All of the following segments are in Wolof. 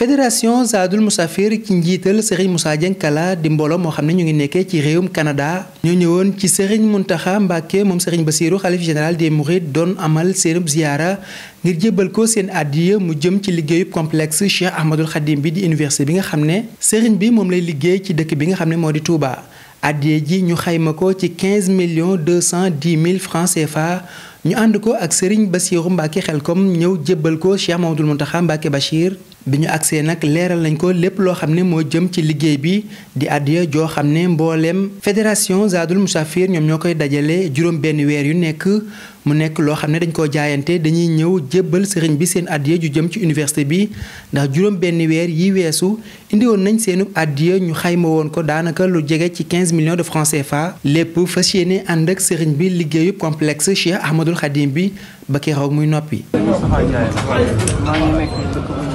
fédération Zadul Musafir ci njiital Serigne Moussa Dieng Kala di mbooloo moo xam ne ñu ngi nekkee ci réewum kanada ñoo ñëwoon ci Serigne Mountakha Mbacké moom Serigne Bassirou xalif général des Mourides doon amal seenub ziyaara ngir jébbal ko seen addiya mu jëm ci liggéeyub complexe Cheikh Ahmadul Khadim bi di université bi nga xam ne Serigne bi moom lay liggéey ci dëkk bi nga xam ne moo di Touba addiya ji ñu xayma ko ci million deux cent dix mille francs CFA ñu ànd ko ak Serigne Bassirou Mbacké Xelkom ñëw jébbal ko Cheikh Mamadou Mountakha Mbacké Bachir bi ñu agsee nag leeral nañ ko lépp loo xam ne moo jëm ci liggéey bi di àddiya joo xam ne mbooleem fédération Zadul Musafir ñoom ñoo koy dajale juróom benn weer yu nekk mu nekk loo xam ne dañ koo jaayante dañuy ñëw jébbal sëriñ bi seen àddiya ju jëm ci université bi ndax juróom benn weer yi weesu indi woon nañ seenu àddiya ñu xayma woon ko daanaka lu jege ci 15 millions de francs fa lépp fas yéene ànd ak sëriñ bi liggéeyub complexe Cheikh Ahmadul Khadim bi ba muy noppi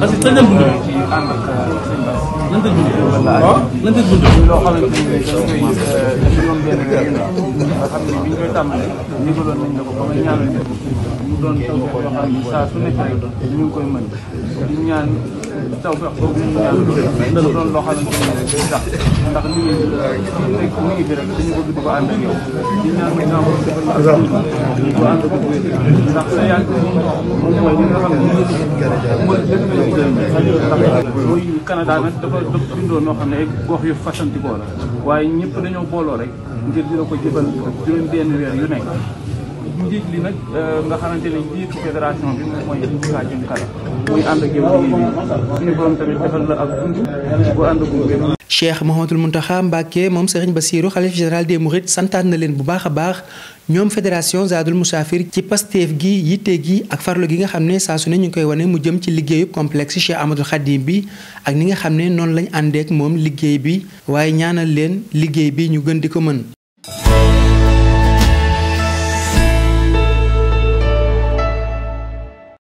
parce que lan lañ dundee. lan lañ dundee. waaw lan lañ dundee. loo xamante ne dañ koy euh, juróom-benn weer yu ndaw nga xam ne bi ñu koy tàmbalee. négaloon nañ la ko ba nga ñaanal ñëpp mu doon taw yoo xam ne saa su nekk rek ñu ngi koy mën di ñaan. taw fex boobu ñu ñaan doon loo xamante ne rek day tax ndax ñu ngi nekk euh, mu ngi fi rek dañu ko dugg ba ànd ak yow di ñaan ko ñaan ko defal la ko ànd ak yow ndax sa yàgg moom mooy li nga xam ne mooy Canada nag dafa dafa bindoo noo xam ne gox yu fasantikoo la waaye ñëpp dañoo booloo rek ngir di la ko jëbal juróom benn weer yu nekk njiit li nag euh, nga xamante ne njiitu bi moom mooy Kajum Kala muy ànd ak yow liggéey bi suñu borom tamit defal la ak dund bu ànd ak Cheikh Mouhamadul Mountakha Mbacké moom Serigne Bassirou xalif général des Mourides santaan na leen bu baax a baax ñoom fédération Zadul Musaafir ci pasteef gi yitte gi ak farlo gi nga xam ne saa su ne ñu ngi koy wane mu jëm ci liggéeyu complexe Cheikh Ahmadul Khadim bi ak ni nga xam ne noonu lañ àndeek moom liggéey bi waaye ñaanal leen liggéey bi ñu gën di ko mën